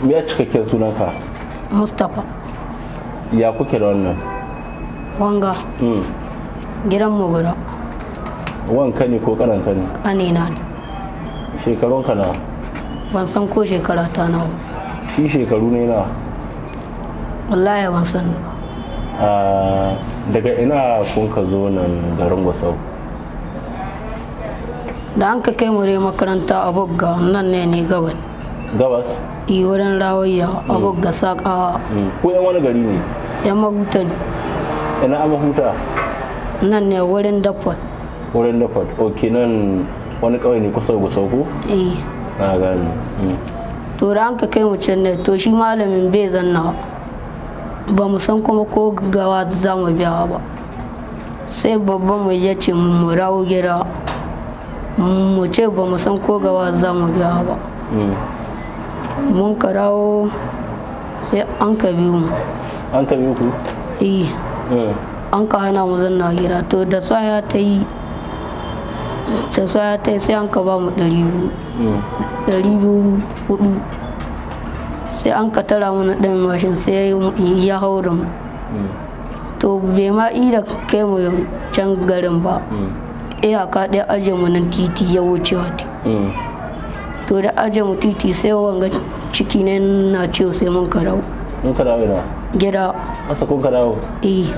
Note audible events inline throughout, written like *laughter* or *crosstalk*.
me ya cikakken sunanka mustapha ya kuke da wannan wanga hmm. gidan mu guda wanka ne ko karanka ne kanina na shekarun ka na ban san ko shekara ta na shi shekaru ne na wallahi ban san ah, daga ina kun ka zo nan garin gwasau da an ka kai mure makaranta a bugga nan ne ne gaban gabas i wurin rawayya abu ga sakawa ko yan wani gari ne yan mahuta ne ina a mahuta nan ne wurin dafot wurin dafot ok nan wani kawai ne kusa ga ko eh na gani hmm. to da an ka kai mu ne to shi malamin bai zanna ba mu san kuma ko gawa za mu biya ba sai babban mu ya ce mu rawo gira mu ce ba mu san ko gawa za mu biya ba hmm. mun karawo sai an ka biyu mu an ka biyu ku eh. eh an ka hana mu zanna hira to da ya ta yi ta tsaya ta sai an ka ba mu ɗari biyu eh. ɗari biyu hudu sai an ka tara mana ɗan mashin sai ya hau da mu eh. to bai ma ida kai mu can garin ba iyaka ɗaya ajiye mu nan titi ya wuce wata to da aje mu titi sai wanga ciki ne na ce sai mun karau mun karau ina gida asa kun karau eh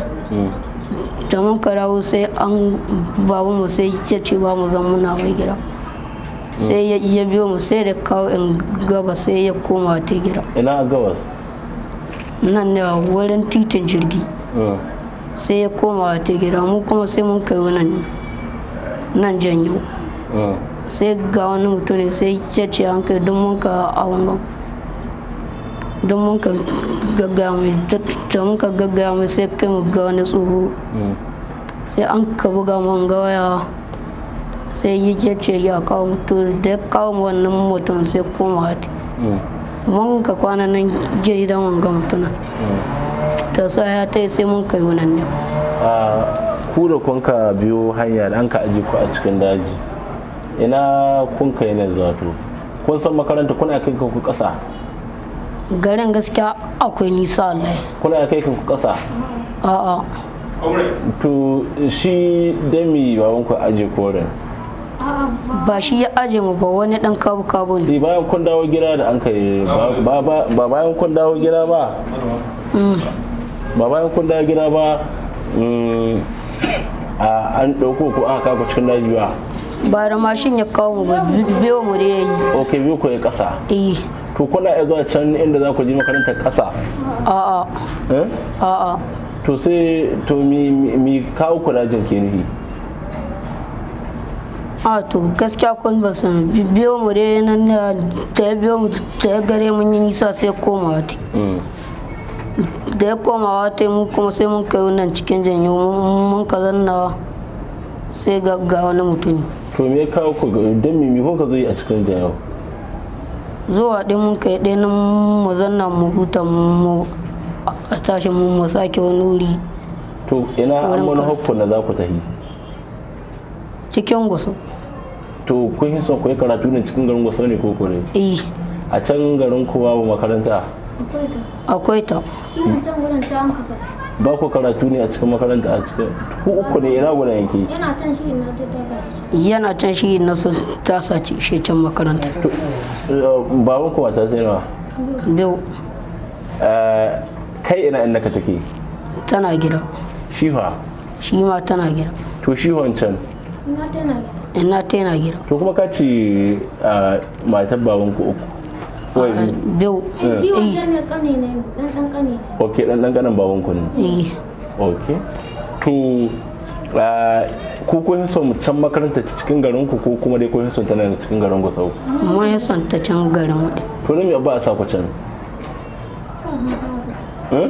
to hmm. mun karau sai an babu mu sai ya ce ba mu zan muna mai gida sai ya biyo mu sai da kawo in gaba sai ya koma ta gida ina a gabas nan ne wurin titin jirgi hmm. sai ya koma ta gida mu kuma sai mun kai nan nan janyo hmm. sai ga wani mutum ne sai ce ce an kai don mun ka a wangon don munka gaggaya mai da munka gaggaya mai sai kai mu ga wani tsoho mm. sai an ka buga man ga sai yi ya ce ya kawo mutum da ya kawo wannan mutum sai koma hati mm. mun ka kwana nan je gidan wanga mutuna mm. ta so ya ta sai mun kai wannan ne ah, ku da kun ka biyo hanya da an ka aji ku a cikin daji ina kun kai ne zato kun san makaranta kuna kai ku kasa garin gaskiya akwai nisa wallahi kuna kai ku kasa a'a to shi dami baban ku aje koren ba shi ya aje mu ba wani dan kabu kabu ne eh, bayan kun dawo gida da an kai ba bayan kun dawo gida ba ba bayan kun dawo gida ba mm. mm, an ɗauko ko aka kafa cikin daji ba bara mashin ya kawo mu ba biyo mu da yayi okay biyo ku ya kasa eh to kuna iya zuwa can inda za ku je makarantar kasa a eh a to sai to mi mi kawo ku da ke ne a to gaskiya kun ba san biyo mu da nan ta biyo mu ta gare mun yi nisa sai koma wata mm. da ya komawa wata mu kuma sai mun kai wannan cikin janyo mun ka zanna sai ga wani mutum. to me kawo ku dan mimi ko ka zo yi a cikin da zuwa din mun kai nan mu zanna mu huta mu a tashi mu mu sake wani wuri to ina an wani hukun da za ku tafi cikin gusu to kun yi son ku yi karatu ne cikin garin gusu ne ko ne. eh a can garin kuwa ba makaranta akwai ta akwai ta can gurin ta an kasa ba ku karatu ne a cikin makaranta a cikin ku uku ne ina guda yanke yana can shi na yana can shi su ta sace shi can makaranta eh, baban ku wata sai nawa biyu eh, kai ina inda ka take tana gida shi fa shi ma tana gida to shi wancan ina tana gida ina tana gida to kuma ka ce eh, matar baban ku uku wai ah, biyu ok dan dan kanan baban ku ne ok eh. to ah, ku kun son can makaranta cikin garin ku ko kuma dai kun son tana cikin garin ku sau mun son ta can garin mu to ne me ba a sa ku can eh?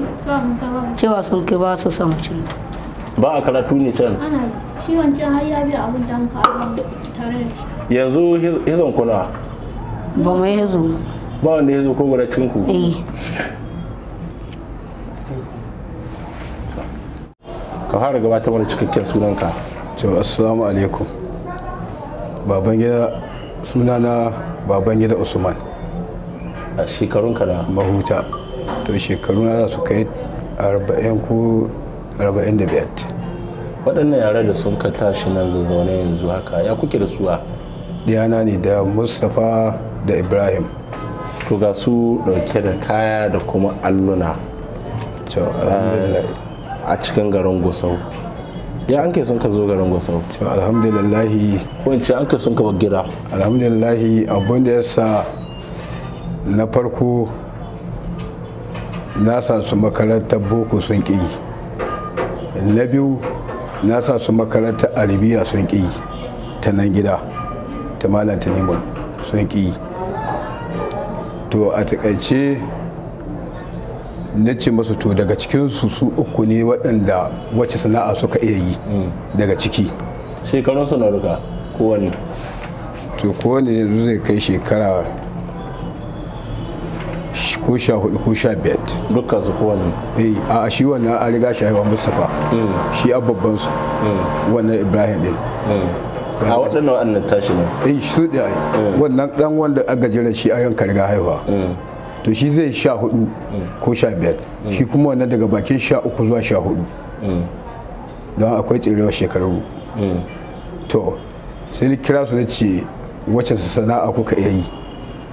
cewa sun ke ba su son can ba a karatu ne can shi wancan har ya bi abin da an tare da shi yanzu hizon kuna ba mai hizo ba wanda ya zo ko gura cinku ku eh. ka fara gabata wani cikakken sunanka cewa assalamu alaikum baban gida sunana baban gida usman a shekarun ka mahuta to shekaru na za su kai 40 ko 45 waɗannan yare da sun ka tashi nan zazzaune yanzu haka ya kuke da suwa diyana ne da mustapha da ibrahim to ga su dauke da kaya da kuma alluna eh, a cikin garin gusau ya an kai sun ka zo garin gusau cewa alhamdulillahi wance an ka sun ka gira alhamdulillahi abun da ya sa na farko na sa su makarantar boko sun ƙi na biyu na sa su makarantar arabiya sun ƙi ta nan gida ta malam tanimun sun ƙi to a takaice na ce masu to daga cikinsu su uku ne waɗanda wacce sana'a suka iya yi daga ciki shekarun su na ruka kowane to kowane yanzu zai kai shekara ko sha hudu ko sha biyar dukkan su kowane eh a shi wannan an riga shi haihuwa mustapha hmm. shi a babban su hmm. wannan ibrahim ɗin hmm. a waɗannan waɗannan tashi ne eh su da eh. wannan dan wanda aka gajeren shi a yankar ga haihuwa eh. to shi zai sha hudu eh. ko sha biyar shi kuma wannan daga bakin sha uku zuwa sha hudu don akwai tserewar shekaru to sai ni kira su na ce wacce sana'a kuka iya yi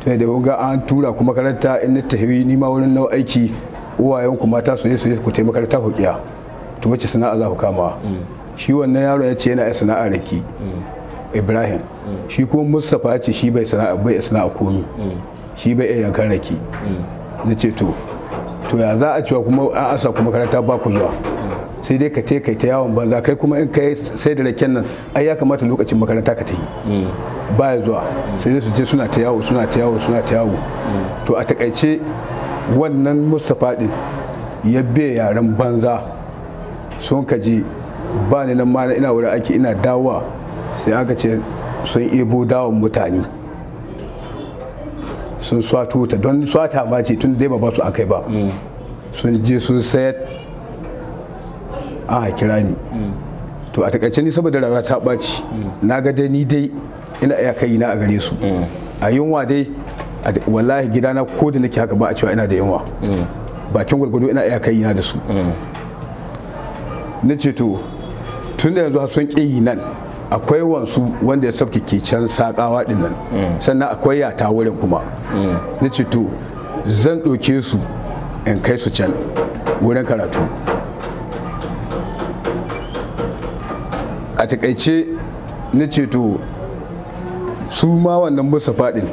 to da kun ga an tura ku makaranta in ta tafi ni ma wurin nau aiki uwayen ku mata su su ku taimaka makaranta ku to wacce sana'a za ku kama shi wannan yaro ya ce yana sana'a rake ibrahim shi kuma mustapha ce shi bai sana'a bai sana'a komi shi bai iya yankan rake na ce to to ya za a cewa kuma an asa kuma karanta ba ku zuwa sai dai ka kai ta yawon banza kai kuma in kai sai da raken nan ai ya kamata lokacin makaranta ka ta yi ba ya zuwa sai dai su je suna ta yawo suna ta yawo suna ta yawo to a takaice wannan mustapha din ya be yaren banza sun kaji ba ni nan ma ina wurin aiki ina dawowa sai aka ce sun ebo dawon mutane sun swato ta don swata ma ce tun dai ba su akai ba mm. sun je sun sayar a kira ni mm. to a takaice ni saboda rawa ta ɓaci mm. na ga dai ni dai ina iya kai na a gare su a yunwa dai wallahi gidana ko da nake haka ba a cewa ina da yunwa bakin gwargwado ina iya kai na da su na ce to tun da yanzu sun ƙi nan akwai wansu wanda ya sauke ke can sakawa din nan mm. sannan akwai yata wurin kuma mm. na ce to zan ɗauke su in kai su can wurin karatu a takaice na ce to su ma wannan musa faɗin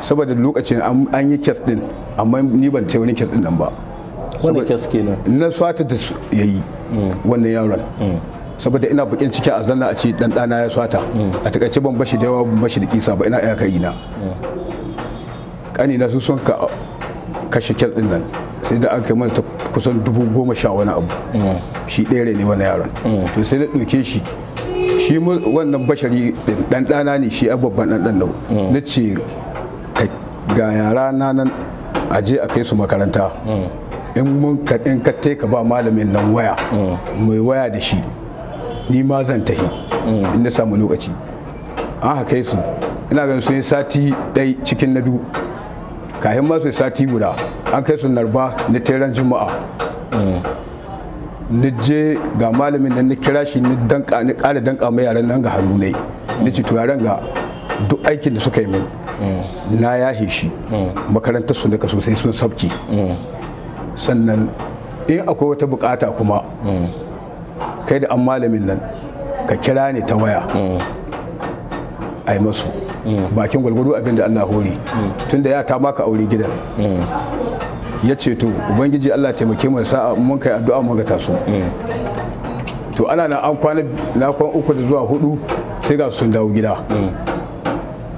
saboda lokacin an yi kes din amma ni ban ta wani kes din nan ba wani kes kenan na swata da yayi mm. wannan yaron saboda ina bukin ciki a zanna a ce dan dana ya swata a takaice ban bashi da yawa ban bashi da kisa ba ina iya kai na kani na su son ka kashe kyal din nan sai da aka mana kusan dubu goma sha wani abu shi ɗere ne wani yaron to sai na ɗauke shi shi wannan bashari dan dana ne shi a babban dan dan na ce ga yara na nan a je a kai su makaranta in mun ka ka ba malamin nan waya mai waya da shi ni ma zan tahi in na samu lokaci an haka su ina ganin sun yi sati ɗai cikin na biyu kayan su sati guda an kai su narba na teran juma'a ni je ga malamin nan ni kira shi ni danka ni ƙara danka mai yaran nan ga hannu ni ci to yaran ga duk aikin da suka yi min na yahe shi makarantar su nika sosai sun sabki sannan in akwai wata bukata kuma kai da an malamin nan ka kira ni ta waya mm. a yi masu mm. bakin gwalgwado abin da Allah hori mm. tun da ya ta maka aure gidan ya ce to ubangiji Allah taimake mu sa'a mun kai addu'a mun ga taso to ana na an kwana na kwan uku da zuwa hudu sai ga sun dawo gida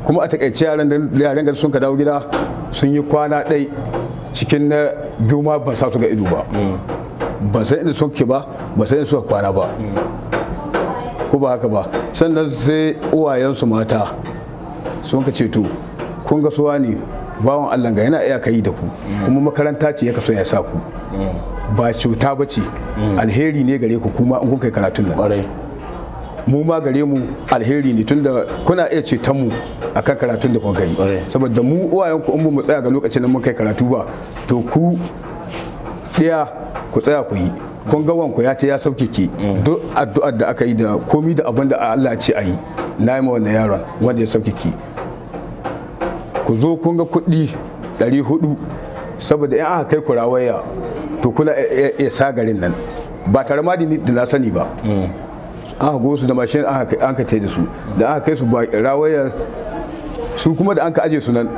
kuma a takaice yaran da yaran da sun ka dawo gida sun yi kwana dai cikin na biyu ma ba sa su ga ido ba ba sai inda soke ba ba sai inda suka kwana ba ko ba haka ba sannan sai uwayensu mata sun ka ceto kun ga suwa ne bawan Allah ga yana iya kai da ku kuma makaranta ce ya kaso ya sa ku ba cuta ba ce alheri ne gare ku kuma in kun kai karatun nan mu ma gare mu alheri ne tunda kuna iya ceton mu akan karatun da kun kai saboda mu uwayen ku in mu tsaya ga lokacin da mun kai karatu ba to ku ɗaya ku tsaya ku yi kun ga wanku ya ta ya sauke ki duk addu'ar da aka yi da komi da abin da Allah ce a yi na yi ma wannan yaron wanda ya sauke ki ku zo kun ga kuɗi 400 saboda in aka kai ku rawaya to kula ya sa garin nan ba tare ma da na sani ba an hago su da mashin an ka tai da su da aka kai su ba rawaya su kuma da an ka aje su nan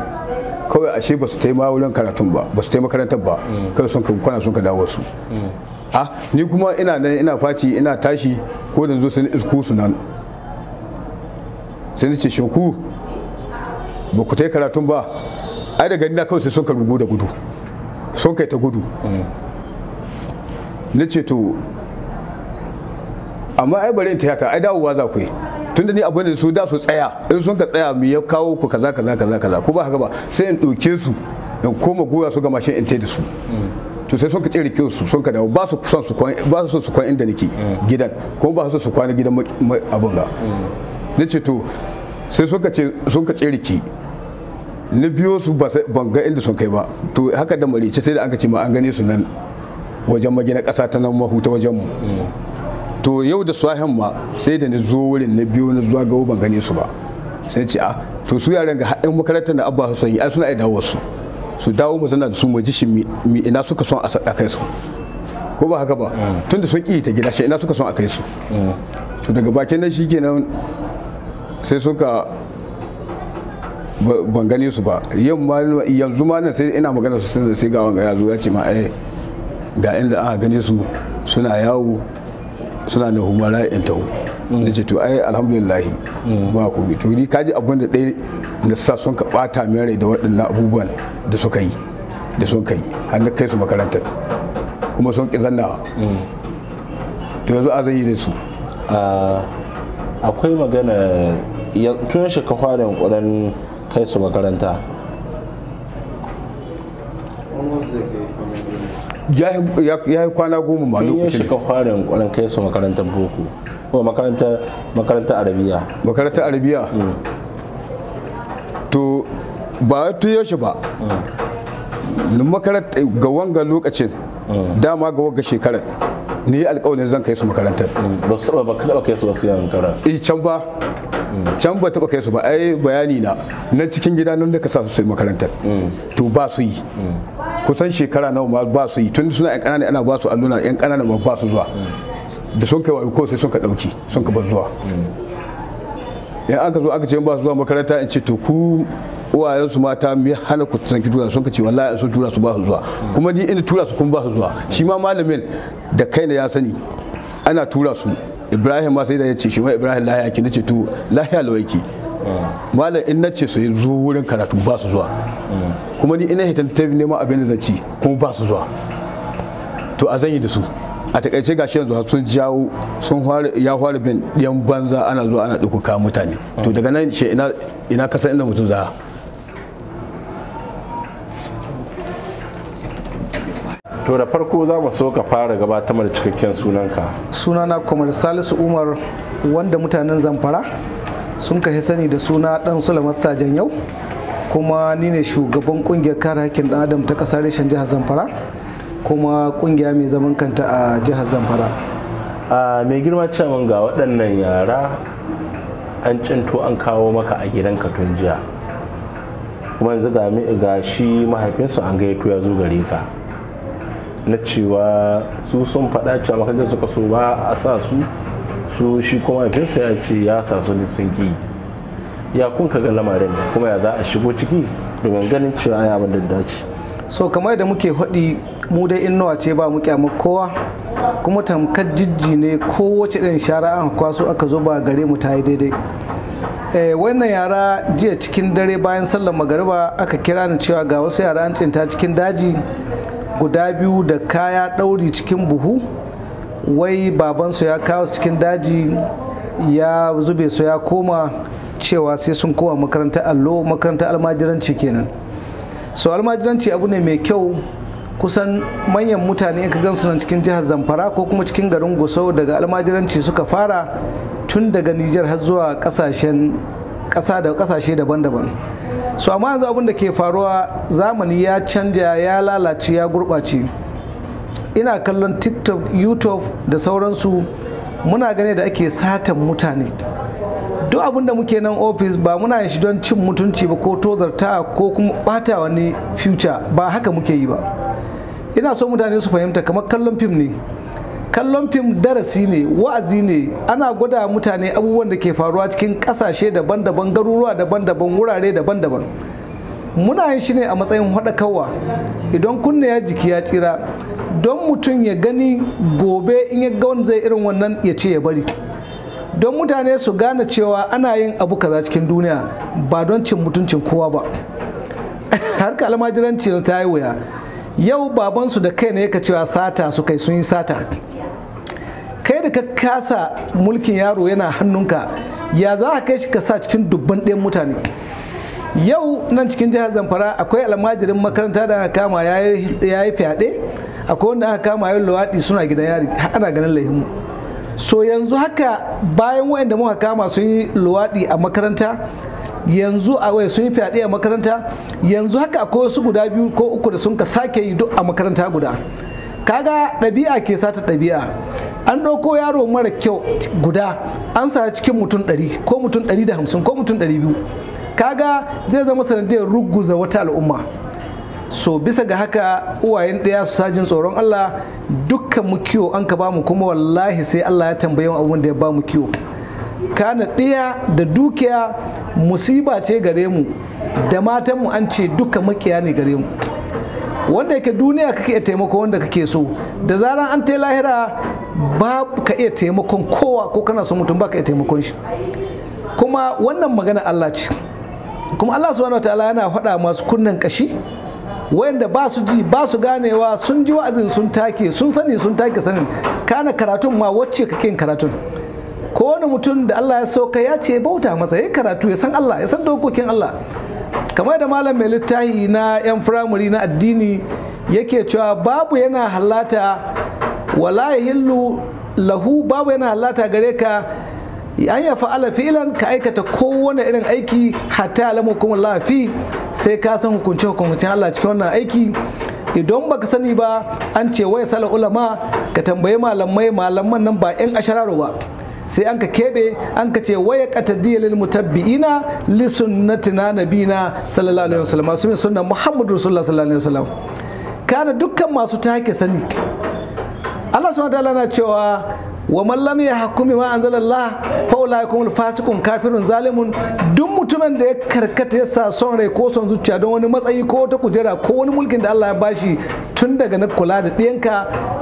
kawai ashe ba su taimaka wurin karatun ba ba su taimaka makarantar ba mm. kawai sun kwana sun ka dawo su mm. ha ah, ni kuma ina nan ina faci ina tashi ko da zo sun isku su nan sai ce shoku ba ku tai karatun ba ai daga na kawai sai sun ka rugu da gudu sun kai ta gudu mm. na ce to amma ai bari in tiyata ai dawowa za ku yi tunda ni abu ne su da su tsaya in sun ka tsaya mu ya kawo ku kaza kaza kaza kaza ko ba haka ba sai in ɗauke su in koma goya su ga mashin in tai su to sai sun ka tsere ke su sun ka dawo ba su son su kwan ba su su kwan inda nake gidan kuma ba su su kwana gidan abun ga nace to sai sun ka ce sun ka tsere ki ni biyo su ban ga inda sun kai ba to haka da marice sai da ka ce ma an gane su nan wajen magina ƙasa ta nan mahuta wajen mu to yau da swahin ma sai da na zo wurin na biyo na zuwa gawo ban gane su ba sai ce a ah, to su yaran ga haɗin makarantar da abba su yi ai suna aida wasu su dawo mu zana da su mu ji shi mi ina suka son a kai su ko ba haka ba mm. da sun ƙi ta gida shi ina suka son a kai su mm. to daga bakin nan shikenan sai suka ban gane su ba yamma yanzu ma nan sai ina magana su sai ga wanga ya zo ya ce ma Ai eh, ga inda aka gane su suna yawo suna na huma yan tahu mm. na ce to ai alhamdulillah mm. ba ku bi to ni kaji abin da dai da sa sun ka ɓata min rai da waɗannan abubuwan da suka yi da sun kai har na kai su makarantar kuma sun ki zanna mm. to yanzu a zai yi da su akwai magana tun shi ka fara yankuran kai su makaranta ya yi kwana goma ma lokacin shi shiga fara kwanan kai su makarantar boko ko makarantar makarantar arabiya makarantar arabiya mm. to ba tun shi ba mm. makarantar eh, ga wanga lokacin mm. dama ga wanga shekarar ni alƙawarin zan kai su makarantar ba su ba kai su ba su yan kara eh can ba can ba taɓa kai su ba ai bayani na nan cikin gida nan da ka sa su su makarantar to ba su yi kusan shekara nawa ma ba su yi tun suna yan kanana ana ba su alluna yan kanana ma ba su zuwa da sun kai wayo ko sai sun ka dauki sun ka bar zuwa yan aka zo aka ce ba su zuwa makaranta in ce to ku uwayen su mata mai hana ku san ki tura sun ka ce wallahi sun tura su ba su zuwa kuma ni ina tura su kun ba su zuwa shi ma malamin da kai ya sani ana tura su ibrahim ma sai da ya ce shi ma ibrahim lahiya ki nace to lahiya lawaki malam in na ce su yi zo wurin karatu ba su zuwa kuma ni ina hitar ta nema abin da zan ci kuma ba su zuwa to a zan yi da su a takaice gashi yanzu sun jawo sun ya fara bin yan banza ana zuwa ana dukuka mutane to daga nan shi ina kasar inda mutum za to da farko za mu so ka fara gabatar mara cikakken sunanka sunana kamar salisu umar wanda mutanen zamfara sun kai sani da suna dan sulamasta jan yau kuma ni ne shugaban kungiyar kare hakkin dan adam ta kasar reshen jihar zamfara kuma kungiya mai zaman kanta a jihar zamfara a mai girma cewa ga waɗannan yara an cinto an kawo maka a gidanka tun jiya kuma yanzu ga shi mahaifinsu an gayyato ya zo gare ka na cewa su sun faɗa cewa makarantar suka so ba a sa su so shi kuma mahaifinsa ya ce ya sasu ne sun ki ya kun ka ga lamarin kuma ya za a shigo ciki domin ganin cewa ya abin da dace so kamar da muke faɗi mu dai innowa ce ba mu kyamar kowa kuma tamkar jijji ne kowace ɗin shara an kwaso aka zo ba gare mu ta yi daidai eh, wannan yara jiya cikin dare bayan sallar magariba aka kira ni cewa ga wasu yara an cinta cikin daji guda biyu da kaya ɗauri cikin buhu wai babansu ya kawo cikin daji ya zube su ya koma cewa sai sun koma makarantar allo makarantar almajiranci kenan so almajiranci abu ne mai kyau kusan manyan mutane in ka gansu nan cikin jihar zamfara ko kuma cikin garin gusau daga almajiranci suka fara tun daga nijar har zuwa kasashen kasa da kasashe daban-daban so amma yanzu abin da ke faruwa zamani ya canja ya lalace ya gurɓace ina kallon tiktok youtube da sauransu muna gane da ake satan mutane duk abin da muke nan ofis ba muna yin shi don cin mutunci ba ko tozarta ko kuma bata wani future ba haka muke yi ba ina so mutane su fahimta kamar kallon fim ne kallon fim darasi ne wa'azi ne ana gwada mutane abubuwan da ke faruwa cikin kasashe daban-daban garuruwa daban-daban wurare daban-daban muna yin shi ne a matsayin haɗakawa idan kunne ya jiki ya tsira don mutum ya gani gobe in ya ga zai irin wannan ya ce ya bari don mutane su gane cewa ana yin abu kaza cikin duniya ba don cin mutuncin kowa ba Har *laughs* harka almajiranci ta yi wuya yau babansu da kai ne yaka cewa sata su kai sun yi sata kai da ka kasa mulkin yaro yana hannunka ya za ka kai shi ka sa cikin dubban ɗayan mutane yau nan cikin jihar zamfara akwai almajirin makaranta da aka kama ya yi fyaɗe akwai wanda aka kama yin luwaɗi suna gidan yari ana ganin laihinmu so yanzu haka bayan wayanda muka kama sun yi luwaɗi a makaranta yanzu a wai sun yi fyaɗe a makaranta yanzu haka akwai wasu guda biyu ko uku da sun ka sake yi duk a makaranta guda kaga ɗabi'a ke sata ɗabi'a an ɗauko yaro mara kyau guda an sa cikin mutum ɗari ko mutum ɗari da hamsin ko mutum ɗari biyu kaga zai zama sanadiyar ruguza wata al'umma so bisa ga haka uwayen ɗaya su sajin tsoron Allah dukkan mu kiwo an ka bamu kuma wallahi sai Allah ya tambaye mu abin da ya bamu kiwo kana ɗaya da dukiya musiba ce gare mu da matan mu an ce dukkan makiya ne gare mu wanda yake duniya kake iya taimako wanda kake so da zaran an tai lahira ba ka iya taimakon kowa ko kana so mutum ba ka iya taimakon shi kuma wannan magana Allah ce kuma Allah subhanahu wataala yana faɗa masu kunnen kashi wayanda ba su ji ba su ganewa sun ji wa'azin sun take sun sani sun take sanin kana karatun ma wacce kake karatun ko wani mutum da Allah ya sauka ya ce bauta masa ya karatu ya san Allah ya san dokokin Allah kamar da malam mai littahi na yan firamare na addini yake cewa babu yana halata wala yahillu lahu babu yana halata gare ka an ya fa'ala fi'ilan ka aikata kowane irin aiki hatta lamu kuma lafi sai ka san hukunce hukuncin Allah cikin wannan aiki idan baka sani ba an ce waya sala ulama ka tambayi malamai malaman nan ba yan ashararo ba sai an ka keɓe an ka ce waya katadiyya lil mutabbi'ina li sunnatina nabina sallallahu alaihi wasallam su sunnan muhammadu sallallahu alaihi wasallam kana dukkan masu take sani Allah subhanahu wa ta'ala na cewa wa mallam ya hakumi ma anzalallah fa ulaikumul fasiqun kafirun zalimun duk mutumin da ya karkata ya sa son rai ko son zuciya don wani matsayi ko wata kujera ko wani mulkin da Allah ya bashi tun daga na kula da ɗiyanka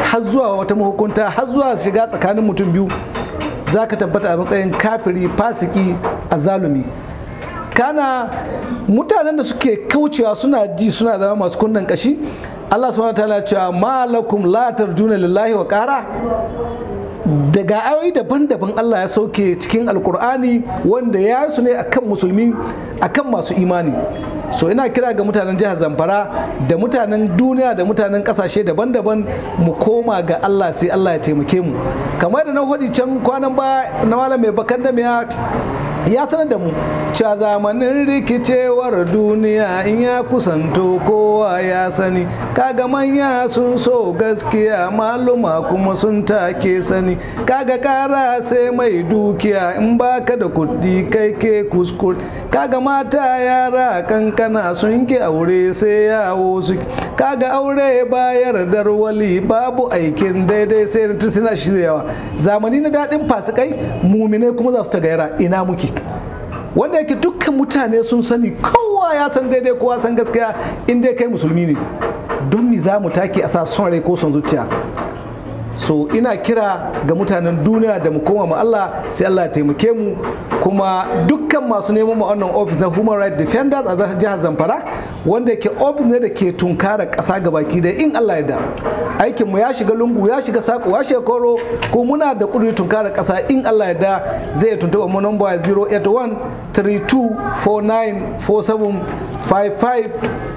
har zuwa wata mahukunta har zuwa shiga tsakanin mutum biyu zaka tabbata a matsayin kafiri fasiki a zalumi? kana mutanen da suke kaucewa suna ji suna zama masu kunnan kashi Allah subhanahu ya ce cewa malakum la tarjuna lillahi wa qara daga ayoyi daban-daban Allah ya sauke cikin alkur'ani wanda ya su ne akan musulmi akan masu imani so ina kira ga mutanen jihar zamfara da mutanen duniya da mutanen kasashe daban-daban mu koma ga Allah sai Allah ya taimake mu kamar da na hudi can kwanan ba na malam mai bakan da ya sanar da mu cewa zamanin rikicewar duniya in ya kusanto kowa ya sani kaga manya sun so gaskiya maluma kuma sun take sani kaga kara sai mai dukiya in baka da kuɗi kai ke kuskure kaga mata yara kankana sun ki aure sai yawo su kaga aure bayar darwali babu aikin daidai sai suna shiryawa zamani na daɗin fasikai Muminai kuma za su ta gaira ina muke wanda yake dukkan mutane sun sani kowa ya san daidai kowa san gaskiya in dai kai musulmi ne don mi za mu take a sa son rai ko son zuciya so ina kira ga mutanen duniya da mu koma ma Allah sai Allah ya taimake mu kuma dukkan masu neman wannan office na human rights defenders a jihar Zamfara wanda yake office ne da ke tunkara kasa gabaki da in Allah ya da aikin mu ya shiga lungu ya shiga sako ya shiga koro ko muna da kudi tunkara kasa in Allah ya da zai tuntuba mu number 081 32494755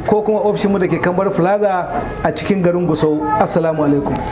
ko kuma ofishin mu da ke Kambar Plaza a cikin garin Gusau assalamu alaikum